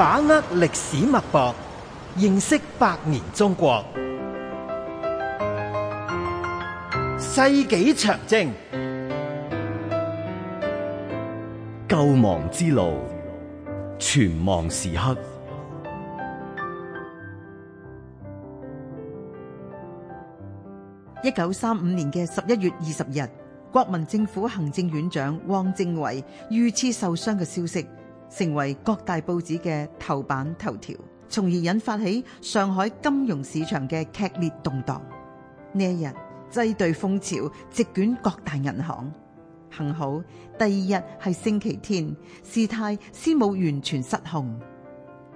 把握歷史脈搏，認識百年中國。世紀長征，救亡之路，存亡時刻。一九三五年嘅十一月二十日，國民政府行政院長汪精衛遇刺受傷嘅消息，成為各大報紙嘅頭版頭條，從而引發起上海金融市場嘅劇烈動盪。呢一日擠兌風潮席捲各大銀行，幸好第二日係星期天，事態先冇完全失控。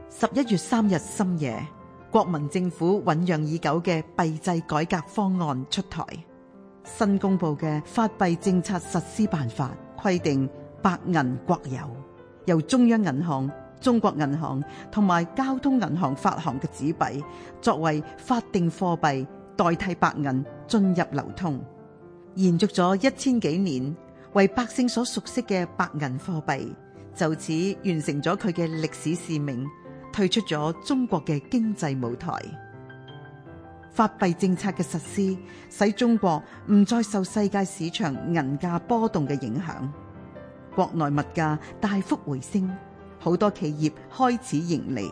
十一月三日深夜，國民政府醞釀已久嘅幣制改革方案出台，新公佈嘅法幣政策實施辦法規定，白銀國有。由中央銀行、中國銀行同埋交通銀行發行嘅紙幣，作為法定貨幣代替白銀進入流通，延續咗一千幾年，為百姓所熟悉嘅白銀貨幣，就此完成咗佢嘅歷史使命，退出咗中國嘅經濟舞台。法幣政策嘅實施，使中國唔再受世界市場銀價波動嘅影響。國內物價大幅回升，好多企業開始盈利。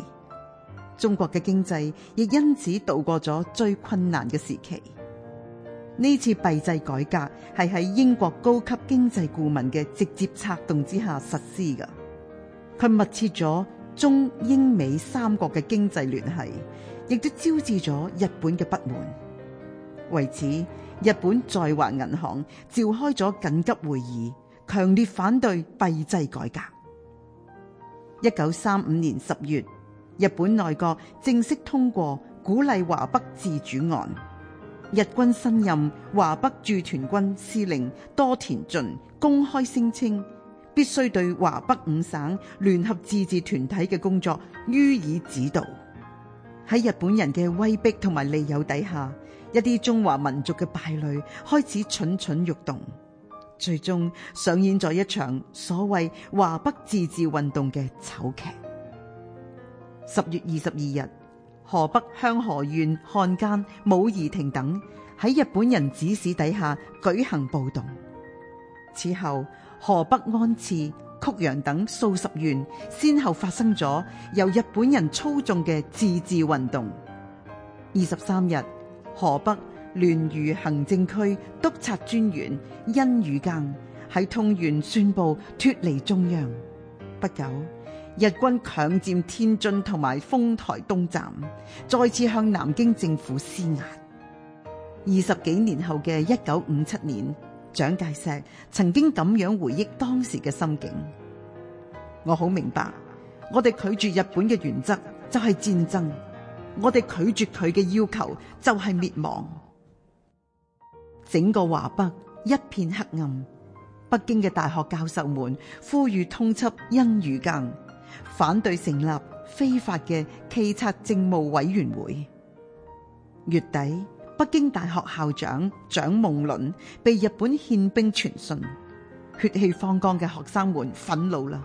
中國嘅經濟亦因此度過咗最困難嘅時期。呢次幣制改革係喺英國高級經濟顧問嘅直接策動之下實施嘅。佢密切咗中英美三國嘅經濟聯繫，亦都招致咗日本嘅不滿。為此，日本在華銀行召開咗緊急會議。強烈反對幣制改革。一九三五年十月，日本內閣正式通過鼓勵華北自主案。日軍新任華北駐屯軍司令多田駿公開聲稱，必須對華北五省聯合自治團體嘅工作予以指導。喺日本人嘅威逼同埋利誘底下，一啲中華民族嘅敗類開始蠢蠢欲動。最終上演咗一場所謂華北自治運動嘅醜劇。十月二十二日，河北香河縣漢奸武宜亭等喺日本人指使底下舉行暴動。此後，河北安次、曲陽等數十縣先後發生咗由日本人操縱嘅自治運動。二十三日，河北。灤榆行政區督察專員殷汝耕喺通縣宣布脫離中央。不久，日軍強占天津同埋豐台東站，再次向南京政府施壓。二十幾年後嘅一九五七年，蔣介石曾經咁樣回憶當時嘅心境：我好明白，我哋拒絕日本嘅原則就係戰爭，我哋拒絕佢嘅要求就係滅亡。整個華北一片黑暗，北京嘅大學教授們呼籲通緝殷汝耕，反對成立非法嘅冀察政務委員會。月底，北京大學校長蔣夢麟被日本憲兵傳訊，血氣方剛嘅學生們憤怒了。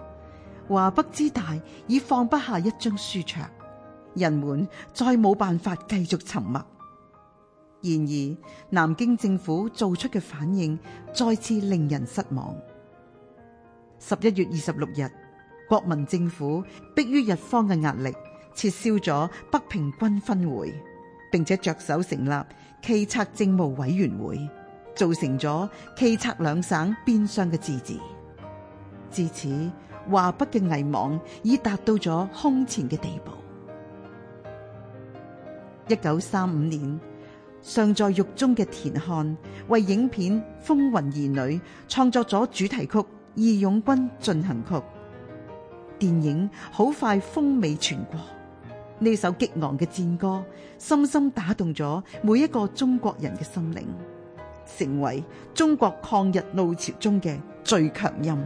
華北之大，已放不下一張書桌，人們再冇辦法繼續沉默。然而，南京政府做出嘅反應再次令人失望。十一月二十六日，國民政府迫於日方嘅壓力，撤銷咗北平軍分會，並且着手成立冀察政務委員會，造成咗冀察兩省變相嘅自治。至此，華北嘅危亡已達到咗空前嘅地步。一九三五年。尚在獄中嘅田漢為影片《風雲兒女》創作咗主題曲《義勇軍進行曲》。電影好快風靡全國，呢首激昂嘅戰歌深深打動咗每一個中國人嘅心靈，成為中國抗日怒潮中嘅最強音。